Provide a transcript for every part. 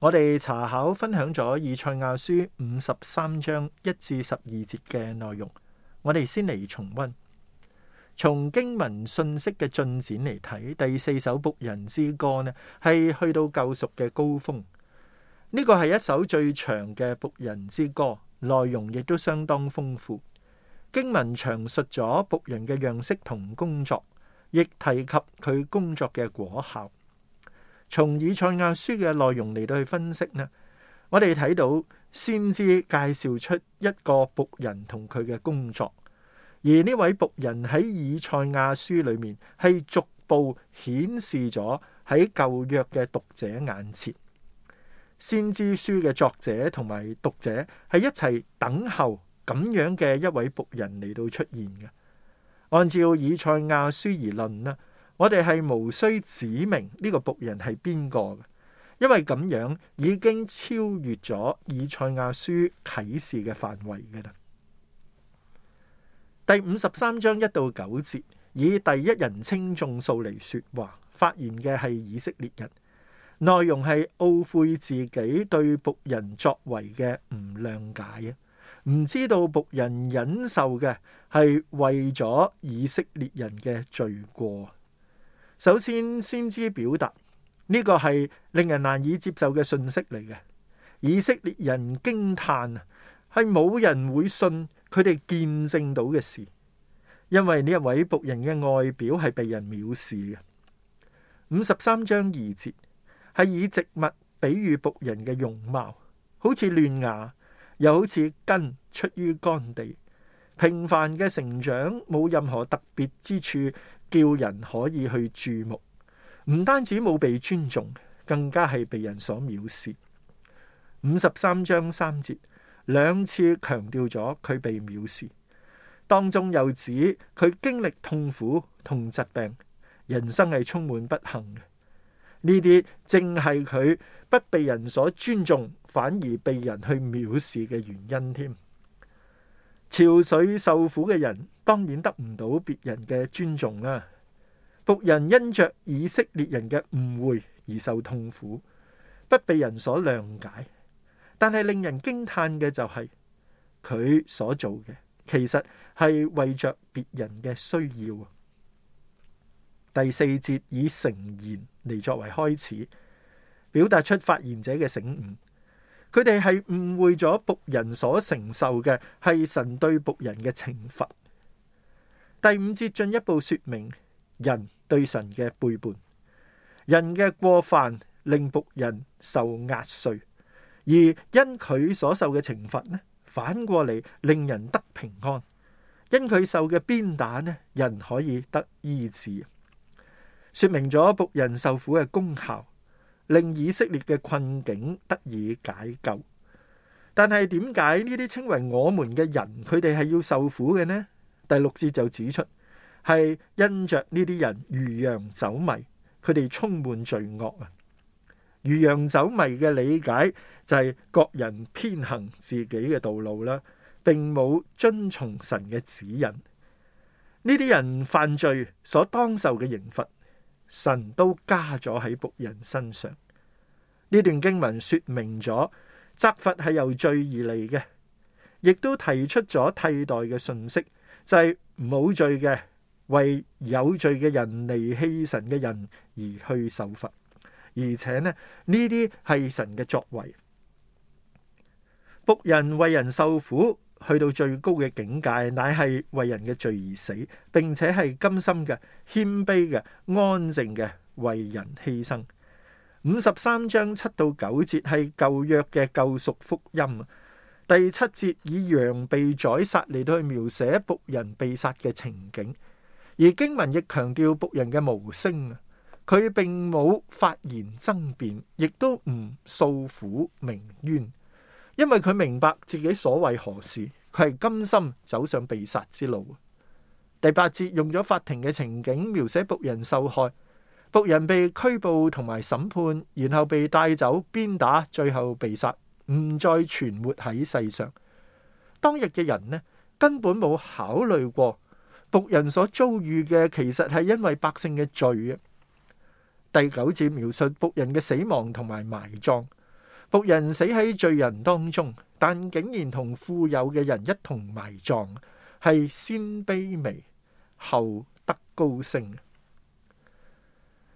我哋查考分享咗以賽亞書五十三章一至十二節嘅內容，我哋先嚟重溫。從經文信息嘅進展嚟睇，第四首僕人之歌呢，係去到救贖嘅高峰。呢個係一首最長嘅僕人之歌，內容亦都相當豐富。經文詳述咗僕人嘅樣式同工作，亦提及佢工作嘅果效。從以賽亞書嘅內容嚟到去分析呢，我哋睇到先知介紹出一個僕人同佢嘅工作，而呢位僕人喺以賽亞書裏面係逐步顯示咗喺舊約嘅讀者眼前，先知書嘅作者同埋讀者係一齊等候咁樣嘅一位僕人嚟到出現嘅。按照以賽亞書而論呢，我哋係無需指明呢個僕人係邊個嘅，因為咁樣已經超越咗以賽亞書啟示嘅範圍嘅啦。第五十三章一到九節，以第一人稱眾數嚟說話，發言嘅係以色列人，內容係懊悔自己對僕人作為嘅唔諒解啊，唔知道僕人忍受嘅係為咗以色列人嘅罪過。首先先知表達呢個係令人難以接受嘅信息嚟嘅。以色列人驚歎啊，係冇人會信佢哋見證到嘅事，因為呢一位僕人嘅外表係被人藐視嘅。五十三章二節係以植物比喻僕人嘅容貌，好似嫩芽又好似根出於乾地，平凡嘅成長，冇任何特別之處。叫人可以去注目，唔單止冇被尊重，更加係被人所藐視。五十三章三節兩次強調咗佢被藐視，當中又指佢經歷痛苦同疾病，人生係充滿不幸嘅。呢啲正係佢不被人所尊重，反而被人去藐視嘅原因添。潮水受苦嘅人，當然得唔到別人嘅尊重啦。僕人因着以色列人嘅誤會而受痛苦，不被人所諒解。但係令人驚歎嘅就係、是、佢所做嘅，其實係為着別人嘅需要。第四節以誠言嚟作為開始，表達出發言者嘅醒悟。佢哋係誤會咗僕人所承受嘅係神對僕人嘅懲罰。第五節進一步說明人對神嘅背叛，人嘅過犯令僕人受壓碎，而因佢所受嘅懲罰呢，反過嚟令人得平安。因佢受嘅鞭打呢，人可以得醫治，說明咗僕人受苦嘅功效。令以色列嘅困境得以解救，但係點解呢啲稱為我們嘅人，佢哋係要受苦嘅呢？第六節就指出，係因着呢啲人如羊走迷，佢哋充滿罪惡啊！如羊走迷嘅理解就係各人偏行自己嘅道路啦，並冇遵從神嘅指引。呢啲人犯罪所當受嘅刑罰。神都加咗喺僕人身上，呢段經文說明咗責罰係由罪而嚟嘅，亦都提出咗替代嘅信息，就係冇罪嘅為有罪嘅人離棄神嘅人而去受罰，而且呢，呢啲係神嘅作為，僕人為人受苦。去到最高嘅境界，乃係為人嘅罪而死，並且係甘心嘅、謙卑嘅、安靜嘅，為人犧牲。五十三章七到九節係舊約嘅救贖福音啊！第七節以羊被宰殺嚟到去描寫僕人被殺嘅情景，而經文亦強調僕人嘅無聲啊！佢並冇發言爭辯，亦都唔訴苦鳴冤。因為佢明白自己所為何事，佢係甘心走上被殺之路。第八節用咗法庭嘅情景描寫僕人受害，僕人被拘捕同埋審判，然後被帶走鞭打，最後被殺，唔再存活喺世上。當日嘅人呢，根本冇考慮過僕人所遭遇嘅，其實係因為百姓嘅罪啊。第九節描述僕人嘅死亡同埋埋葬。僕人死喺罪人當中，但竟然同富有嘅人一同埋葬，係先卑微後得高升。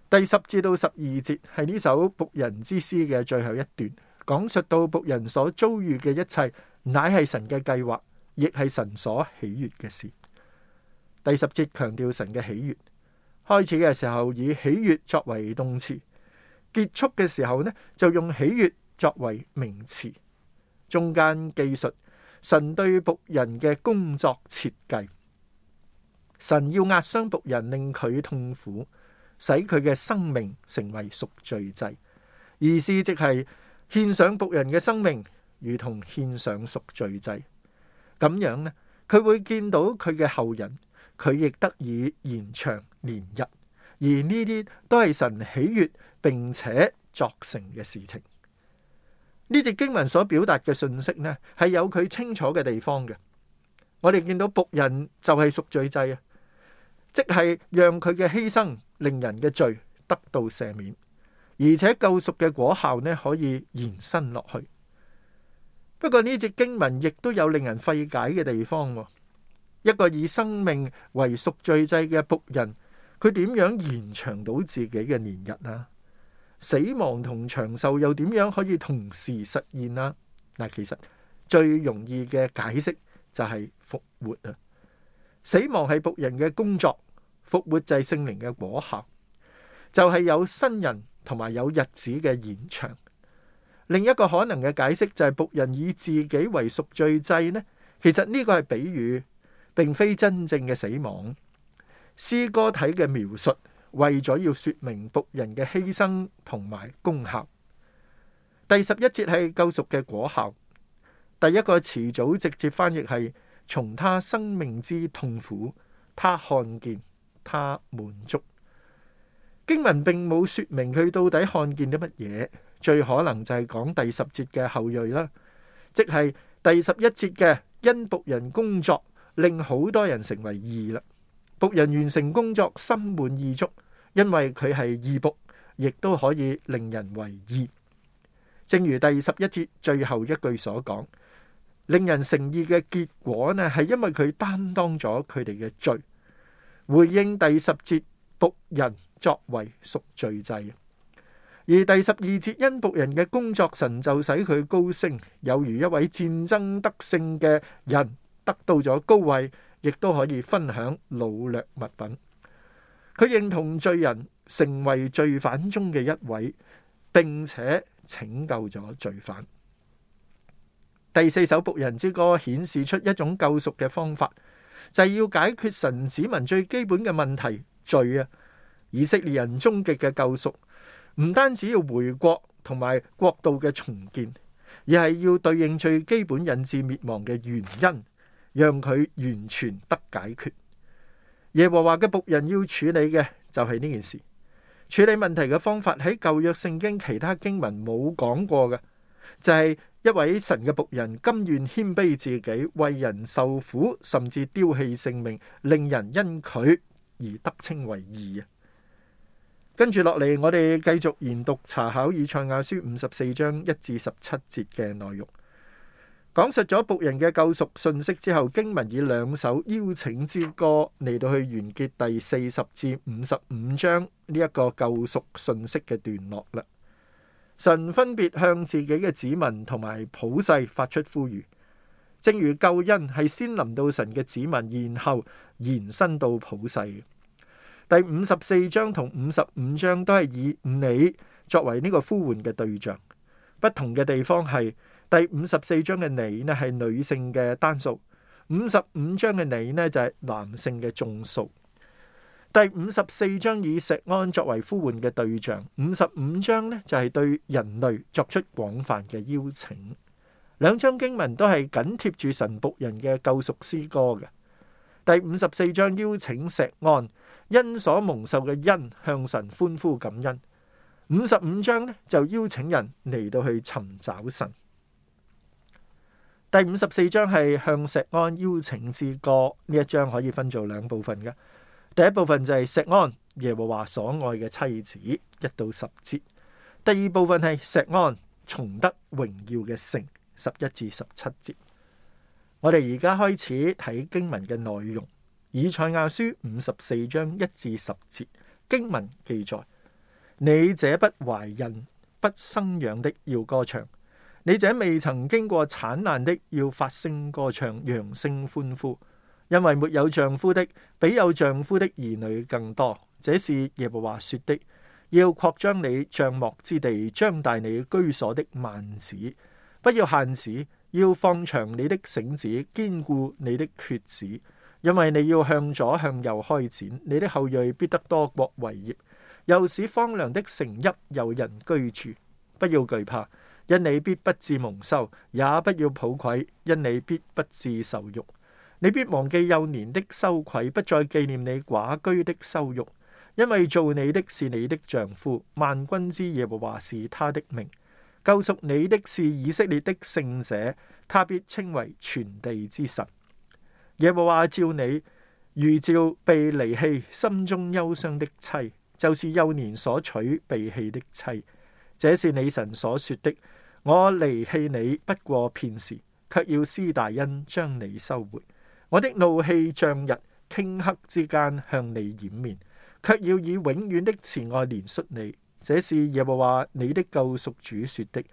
第十至到十二節係呢首僕人之詩嘅最後一段，講述到僕人所遭遇嘅一切，乃係神嘅計劃，亦係神所喜悅嘅事。第十節強調神嘅喜悅，開始嘅時候以喜悅作為動詞，結束嘅時候呢，就用喜悅，作為名詞，中間記述神對僕人嘅工作設計，神要壓傷僕人，令佢痛苦，使佢嘅生命成為贖罪祭，意思即係獻上僕人嘅生命，如同獻上贖罪祭咁樣咧。佢會見到佢嘅後人，佢亦得以延長年日，而呢啲都係神喜悦並且作成嘅事情。呢節經文所表達嘅信息呢，係有佢清楚嘅地方嘅。我哋見到僕人就係贖罪祭啊，即係讓佢嘅犧牲令人嘅罪得到赦免，而且救贖嘅果效呢，可以延伸落去。不過呢節經文亦都有令人費解嘅地方。一個以生命為贖罪祭嘅僕人，佢點樣延長到自己嘅年日啊？死亡同長壽又點樣可以同時實現啦？嗱，其實最容易嘅解釋就係復活啊！死亡係僕人嘅工作，復活制聖靈嘅果效就係、是、有新人同埋有日子嘅延長。另一個可能嘅解釋就係僕人以自己為贖罪祭呢？其實呢個係比喻，並非真正嘅死亡。詩歌體嘅描述。為咗要說明僕人嘅犧牲同埋功效，第十一節係救贖嘅果效。第一個詞組直接翻譯係從他生命之痛苦，他看見他滿足。經文並冇說明佢到底看見咗乜嘢，最可能就係講第十節嘅後裔啦，即係第十一節嘅因僕人工作，令好多人成為義啦。僕人完成工作，心滿意足。因為佢係義僕，亦都可以令人為義。正如第十一節最後一句所講，令人成義嘅結果呢，係因為佢擔當咗佢哋嘅罪，回應第十節僕人作為贖罪祭，而第十二節因僕人嘅工作，神就使佢高升，有如一位戰爭得勝嘅人得到咗高位，亦都可以分享擄掠物品。佢認同罪人成為罪犯中嘅一位，並且拯救咗罪犯。第四首僕人之歌顯示出一種救贖嘅方法，就係要解決神子民最基本嘅問題——罪啊！以色列人終極嘅救贖，唔單止要回國同埋國度嘅重建，而係要對應最基本引致滅亡嘅原因，讓佢完全得解決。耶和華嘅僕人要處理嘅就係呢件事，處理問題嘅方法喺舊約聖經其他經文冇講過嘅，就係一位神嘅僕人甘願謙卑自己，為人受苦，甚至丟棄性命，令人因佢而得稱為義啊！跟住落嚟，我哋繼續研讀查考以賽亞書五十四章一至十七節嘅內容。講述咗僕人嘅救贖信息之後，經文以兩首邀請之歌嚟到去完結第四十至五十五章呢一個救贖信息嘅段落啦。神分別向自己嘅子民同埋普世發出呼籲，正如救恩係先臨到神嘅子民，然後延伸到普世。第五十四章同五十五章都係以你作為呢個呼喚嘅對象，不同嘅地方係。第五十四章嘅你呢，係女性嘅單數；五十五章嘅你呢，就係男性嘅眾數。第五十四章以錫安作為呼喚嘅對象，五十五章呢就係對人類作出廣泛嘅邀請。兩章經文都係緊貼住神僕人嘅救贖詩歌嘅。第五十四章邀請錫安因所蒙受嘅恩向神歡呼感恩；五十五章呢就邀請人嚟到去尋找神。第五十四章係向錫安邀請之歌，呢一章可以分做兩部分嘅。第一部分就係錫安耶和華所愛嘅妻子，一到十節；第二部分係錫安重得榮耀嘅城，十一至十七節。我哋而家開始睇經文嘅內容，《以賽亞書》五十四章一至十節，經文記載：你這不懷孕、不生養的，要歌唱。你這未曾經過產難的，要發聲歌唱，揚聲歡呼，因為沒有丈夫的比有丈夫的兒女更多。這是耶和華說的。要擴張你帳幕之地，張大你居所的幔子，不要限止，要放長你的繩子，堅固你的橛子，因為你要向左向右開展，你的後裔必得多國為業，又使荒涼的城邑有人居住。不要懼怕。因你必不致蒙羞，也不要抱愧；因你必不致受辱，你必忘記幼年的羞愧，不再紀念你寡居的羞辱。因為做你的是你的丈夫，萬君之耶和華是他的名；救贖你的是以色列的聖者，他必稱為全地之神。耶和華召你，如召被離棄、心中憂傷的妻，就是幼年所娶被棄的妻，這是你神所說的。我離棄你不過片時，卻要施大恩將你收回。我的怒氣像日頃刻之間向你掩面，卻要以永遠的慈愛憐恤你。這是耶和華你的救贖主說的。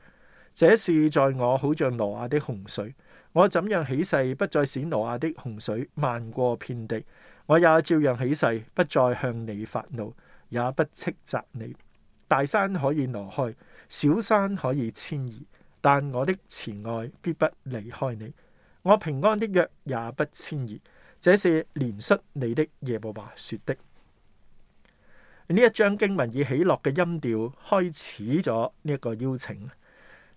這是在我好像挪亞的洪水，我怎樣起誓不再使挪亞的洪水漫過遍地，我也照樣起誓不再向你發怒，也不斥責你。大山可以挪開。小山可以遷移，但我的慈愛必不離開你；我平安的約也不遷移。這是憐恤你的耶和華說的。呢一張經文以喜樂嘅音調開始咗呢一個邀請。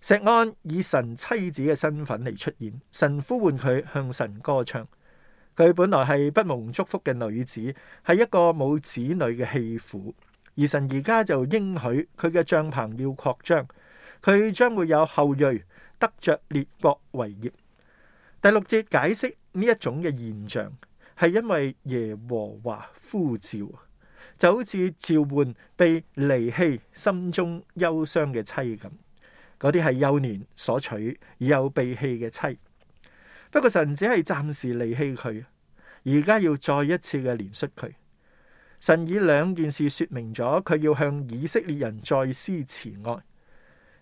石安以神妻子嘅身份嚟出現，神呼喚佢向神歌唱。佢本來係不蒙祝福嘅女子，係一個冇子女嘅棄婦。而神而家就應許佢嘅帳棚要擴張，佢將會有後裔得着列國為業。第六節解釋呢一種嘅現象，係因為耶和華呼召，就好似召喚被離棄、心中憂傷嘅妻咁。嗰啲係幼年所娶而有被棄嘅妻。不過神只係暫時離棄佢，而家要再一次嘅憐恤佢。神以兩件事說明咗佢要向以色列人再施慈愛。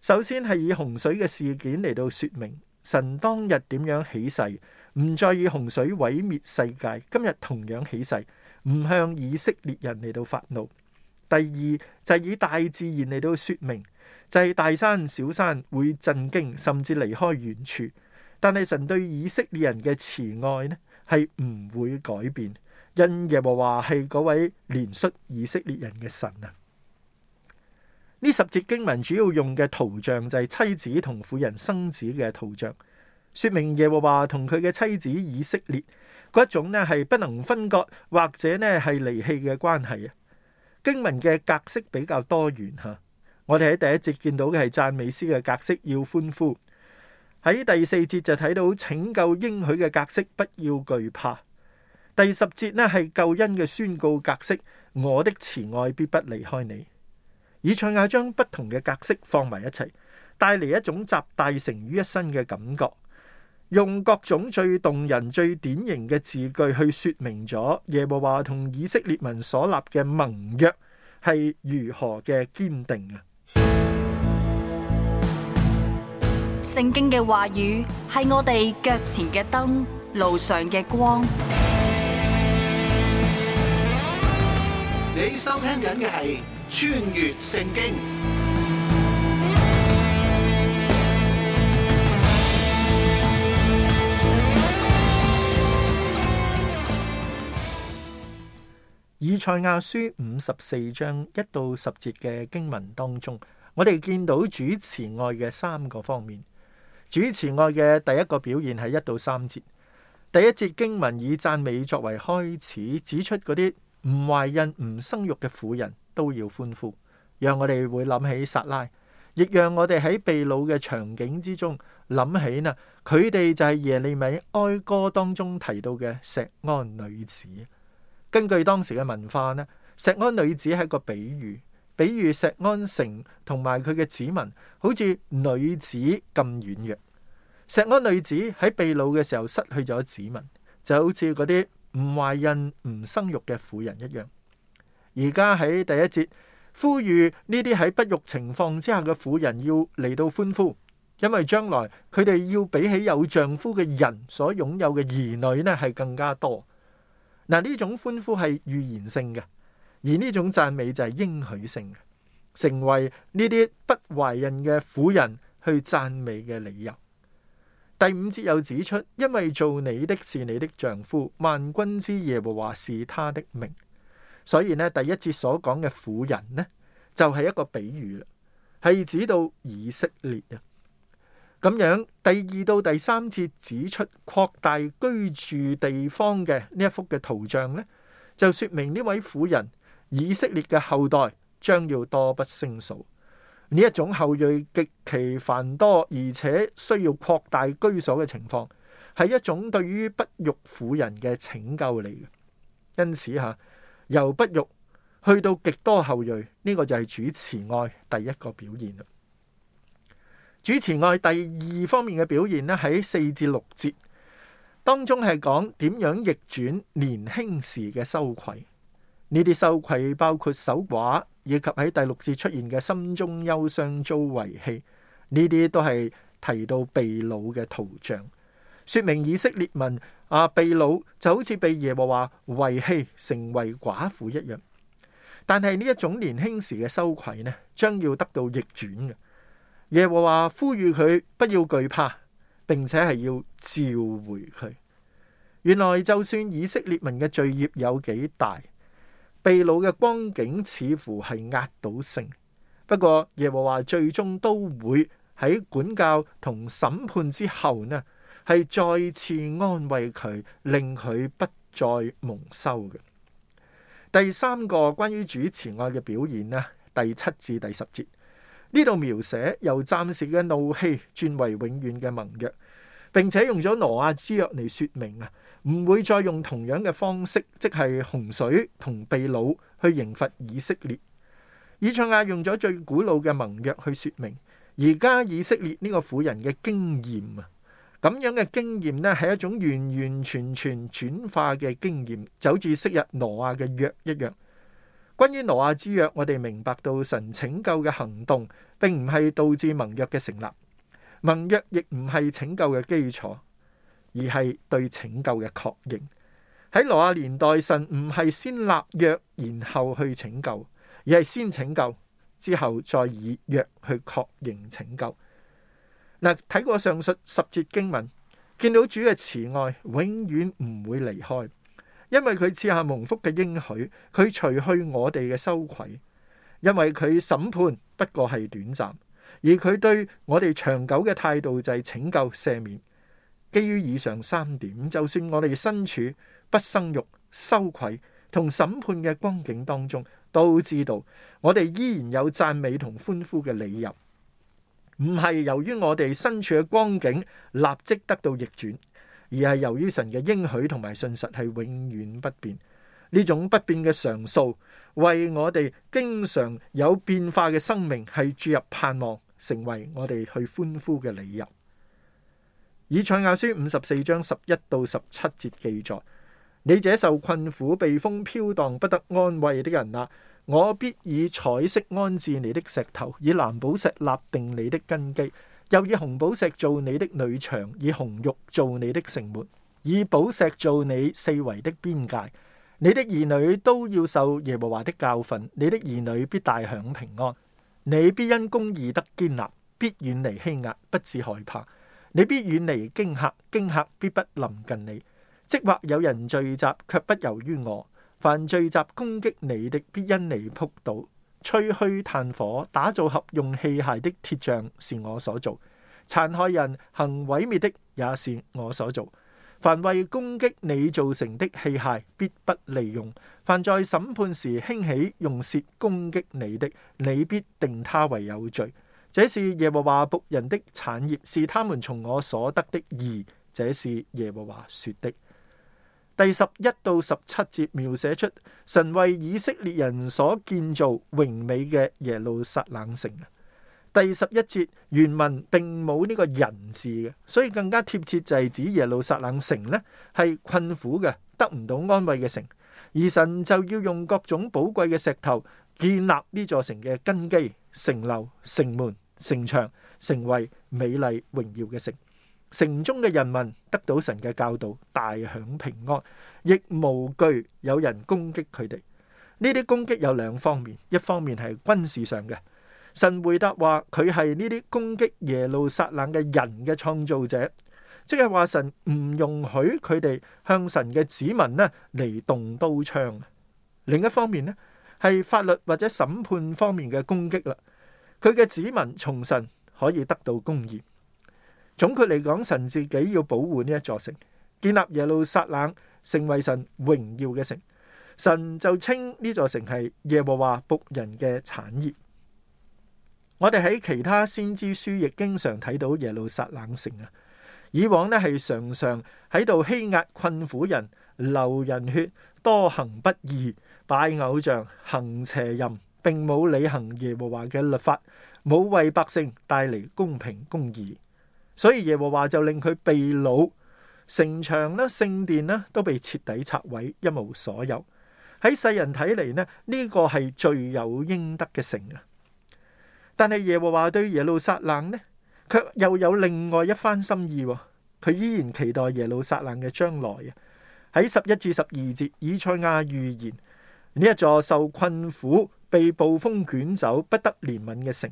首先係以洪水嘅事件嚟到說明神當日點樣起誓，唔再以洪水毀滅世界。今日同樣起誓，唔向以色列人嚟到發怒。第二就係以大自然嚟到說明，就係大山小山會震驚，甚至離開遠處。但係神對以色列人嘅慈愛呢，係唔會改變。因耶和華係嗰位憐恤以色列人嘅神啊！呢十節經文主要用嘅圖像就係妻子同婦人生子嘅圖像，說明耶和華同佢嘅妻子以色列嗰一種咧係不能分割或者咧係離棄嘅關係啊！經文嘅格式比較多元吓，我哋喺第一節見到嘅係讚美詩嘅格式，要歡呼；喺第四節就睇到拯救應許嘅格式，不要懼怕。第十節呢，係救恩嘅宣告格式，我的慈愛必不離開你。以賽亞將不同嘅格式放埋一齊，帶嚟一種集大成於一身嘅感覺，用各種最動人、最典型嘅字句去說明咗耶和華同以色列民所立嘅盟約係如何嘅堅定啊！聖經嘅話語係我哋腳前嘅燈，路上嘅光。你收聽緊嘅係《穿越聖經》。以賽亞書五十四章一到十節嘅經文當中，我哋見到主慈愛嘅三個方面。主慈愛嘅第一個表現係一到三節。第一節經文以讚美作為開始，指出嗰啲。唔懷孕唔生育嘅婦人都要歡呼，讓我哋會諗起撒拉，亦讓我哋喺被擄嘅場景之中諗起呢，佢哋就係耶利米哀歌當中提到嘅錫安女子。根據當時嘅文化呢，錫安女子係一個比喻，比喻錫安城同埋佢嘅子民好似女子咁軟弱。錫安女子喺被擄嘅時候失去咗子民，就好似嗰啲。唔懷孕、唔生育嘅婦人一樣，而家喺第一節呼籲呢啲喺不育情況之下嘅婦人要嚟到歡呼，因為將來佢哋要比起有丈夫嘅人所擁有嘅兒女呢係更加多。嗱，呢種歡呼係預言性嘅，而呢種讚美就係應許性嘅，成為呢啲不懷孕嘅婦人去讚美嘅理由。第五節又指出，因為做你的是你的丈夫，萬軍之耶和華是他的名，所以呢，第一節所講嘅婦人呢，就係、是、一個比喻啦，係指到以色列啊。咁樣第二到第三節指出擴大居住地方嘅呢一幅嘅圖像呢，就說明呢位婦人以色列嘅後代將要多不勝數。呢一種後裔極其繁多，而且需要擴大居所嘅情況，係一種對於不育婦人嘅拯救嚟嘅。因此嚇由不育去到極多後裔，呢、這個就係主慈愛第一個表現。主慈愛第二方面嘅表現咧，喺四至六節當中係講點樣逆轉年輕時嘅羞愧。呢啲羞愧包括守寡。以及喺第六節出現嘅心中憂傷遭遺棄，呢啲都係提到被擄嘅圖像，說明以色列民，啊被擄就好似被耶和華遺棄，成為寡婦一樣。但係呢一種年輕時嘅羞愧呢，將要得到逆轉嘅。耶和華呼籲佢不要懼怕，並且係要召回佢。原來就算以色列民嘅罪孽有幾大。秘魯嘅光景似乎係壓倒性，不過耶和華最終都會喺管教同審判之後呢，係再次安慰佢，令佢不再蒙羞嘅。第三個關於主慈愛嘅表現呢，第七至第十節呢度描寫由暫時嘅怒氣轉為永遠嘅盟約，並且用咗挪亞之約嚟說明啊。唔會再用同樣嘅方式，即係洪水同被擄去刑罰以色列。以賽亞用咗最古老嘅盟約去說明，而家以色列呢個婦人嘅經驗啊，咁樣嘅經驗呢，係一種完完全全轉化嘅經驗，就好似昔日挪亞嘅約一樣。關於挪亞之約，我哋明白到神拯救嘅行動，並唔係導致盟約嘅成立，盟約亦唔係拯救嘅基礎。而係對拯救嘅確認。喺挪亞年代，神唔係先立約然後去拯救，而係先拯救之後再以約去確認拯救。嗱，睇過上述十節經文，見到主嘅慈愛永遠唔會離開，因為佢賜下蒙福嘅應許，佢除去我哋嘅羞愧，因為佢審判不過係短暫，而佢對我哋長久嘅態度就係拯救赦免。基於以上三點，就算我哋身處不生育、羞愧同審判嘅光景當中，都知道我哋依然有讚美同歡呼嘅理由。唔係由於我哋身處嘅光景立即得到逆轉，而係由於神嘅應許同埋信實係永遠不變。呢種不變嘅常數，為我哋經常有變化嘅生命係注入盼望，成為我哋去歡呼嘅理由。以賽亞書五十四章十一到十七節記載：你這受困苦、被風飄蕩、不得安慰的人啊，我必以彩色安置你的石頭，以藍寶石立定你的根基，又以紅寶石做你的女牆，以紅玉做你的城門，以寶石做你四圍的邊界。你的兒女都要受耶和華的教訓，你的兒女必大享平安。你必因公義得堅立，必遠離欺壓，不致害怕。你必遠離驚嚇，驚嚇必不臨近你。即或有人聚集，卻不由於我。凡聚集攻擊你的，必因你撲倒、吹噓炭火、打造合用器械的鐵匠，是我所做。殘害人、行毀滅的，也是我所做。凡為攻擊你造成的器械，必不利用。凡在審判時興起用舌攻擊你的，你必定他為有罪。這是耶和華僕人的產業，是他們從我所得的義。這是耶和華說的。第十一到十七節描寫出神為以色列人所建造榮美嘅耶路撒冷城。第十一節原文並冇呢個人字嘅，所以更加貼切就係指耶路撒冷城呢係困苦嘅，得唔到安慰嘅城。而神就要用各種寶貴嘅石頭建立呢座城嘅根基、城樓、城門。城牆成為美麗榮耀嘅城，城中嘅人民得到神嘅教導，大享平安，亦無懼有人攻擊佢哋。呢啲攻擊有兩方面，一方面係軍事上嘅，神回答話佢係呢啲攻擊耶路撒冷嘅人嘅創造者，即係話神唔容許佢哋向神嘅子民呢嚟動刀槍。另一方面呢，係法律或者審判方面嘅攻擊啦。佢嘅子民從神可以得到公義。總括嚟講，神自己要保護呢一座城，建立耶路撒冷成為神榮耀嘅城。神就稱呢座城係耶和華僕人嘅產業。我哋喺其他先知書亦經常睇到耶路撒冷城啊，以往呢係常常喺度欺壓困苦人、流人血、多行不義、拜偶像、行邪淫。並冇履行耶和華嘅律法，冇為百姓帶嚟公平公義，所以耶和華就令佢被擄，城牆啦、聖殿啦都被徹底拆毀，一無所有。喺世人睇嚟呢，呢個係罪有應得嘅城啊。但係耶和華對耶路撒冷呢，卻又有另外一番心意。佢依然期待耶路撒冷嘅將來啊。喺十一至十二節，以賽亞預言呢一座受困苦。被暴風捲走，不得憐憫嘅城，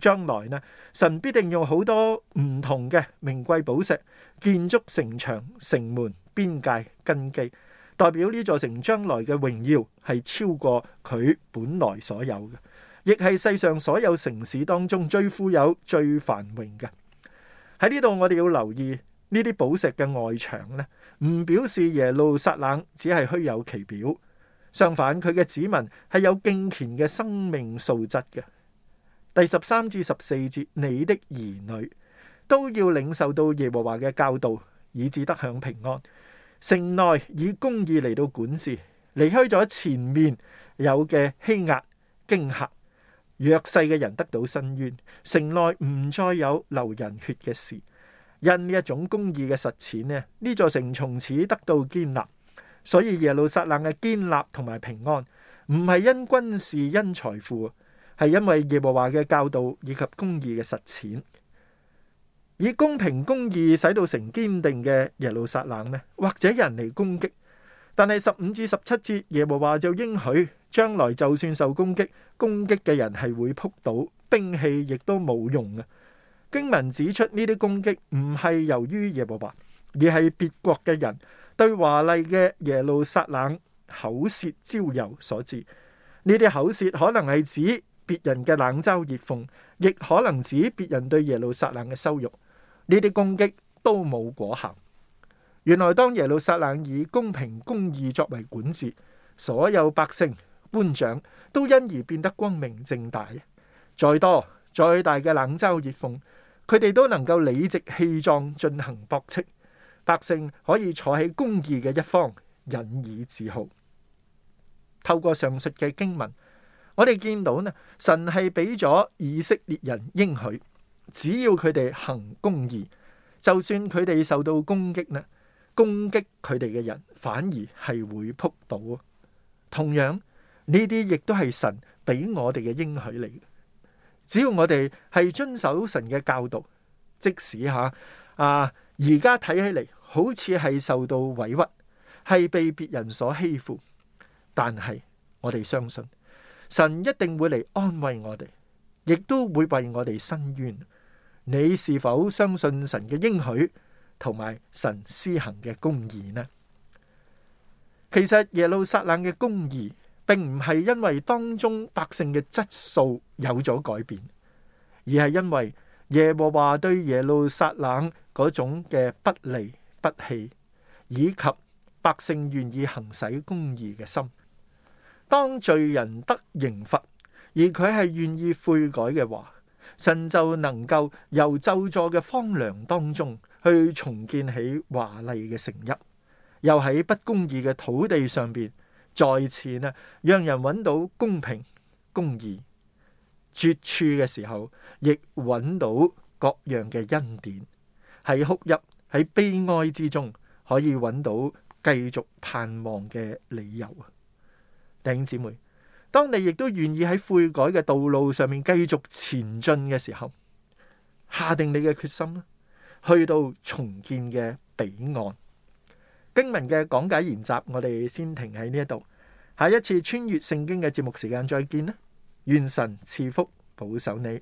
將來呢，神必定用好多唔同嘅名貴寶石建築城牆、城門、邊界、根基，代表呢座城將來嘅榮耀係超過佢本來所有嘅，亦係世上所有城市當中最富有、最繁榮嘅。喺呢度，我哋要留意呢啲寶石嘅外牆呢，唔表示耶路撒冷只係虛有其表。相反，佢嘅子民係有敬虔嘅生命素質嘅。第十三至十四節，你的兒女都要領受到耶和華嘅教導，以致得享平安。城內以公義嚟到管治，離開咗前面有嘅欺壓、驚吓、弱勢嘅人得到伸冤。城內唔再有流人血嘅事。因呢一種公義嘅實踐呢，呢座城從此得到建立。所以耶路撒冷嘅建立同埋平安，唔係因軍事、因財富，係因為耶和華嘅教導以及公義嘅實踐，以公平公義使到成堅定嘅耶路撒冷呢？或者人嚟攻擊，但係十五至十七節耶和華就應許將來就算受攻擊，攻擊嘅人係會撲倒，兵器亦都冇用啊！經文指出呢啲攻擊唔係由於耶和華，而係別國嘅人。對華麗嘅耶路撒冷口舌招尤所致，呢啲口舌可能係指別人嘅冷嘲熱諷，亦可能指別人對耶路撒冷嘅羞辱。呢啲攻擊都冇果效。原來當耶路撒冷以公平公義作為管治，所有百姓、官長都因而變得光明正大。再多再大嘅冷嘲熱諷，佢哋都能夠理直氣壯進行駁斥。百姓可以坐喺公義嘅一方，引以自豪。透過上述嘅經文，我哋見到呢，神係俾咗以色列人應許，只要佢哋行公義，就算佢哋受到攻擊呢，攻擊佢哋嘅人反而係會仆倒。同樣呢啲亦都係神俾我哋嘅應許嚟，只要我哋係遵守神嘅教導，即使吓啊。而家睇起嚟，好似係受到委屈，係被別人所欺負。但係我哋相信，神一定會嚟安慰我哋，亦都會為我哋申冤。你是否相信神嘅應許同埋神施行嘅公義呢？其實耶路撒冷嘅公義，並唔係因為當中百姓嘅質素有咗改變，而係因為。耶和華對耶路撒冷嗰種嘅不離不棄，以及百姓願意行使公義嘅心，當罪人得刑罰，而佢係願意悔改嘅話，神就能夠由咒詛嘅荒涼當中去重建起華麗嘅城邑，又喺不公義嘅土地上邊再次呢，讓人揾到公平公義。絕處嘅時候，亦揾到各樣嘅恩典，喺哭泣、喺悲哀之中，可以揾到繼續盼望嘅理由啊！弟兄姊妹，當你亦都願意喺悔改嘅道路上面繼續前進嘅時候，下定你嘅決心啦，去到重建嘅彼岸。經文嘅講解研習，我哋先停喺呢一度，下一次穿越聖經嘅節目時間再見啦。願神賜福保守你。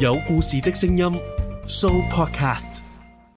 有故事的聲音，Show Podcast。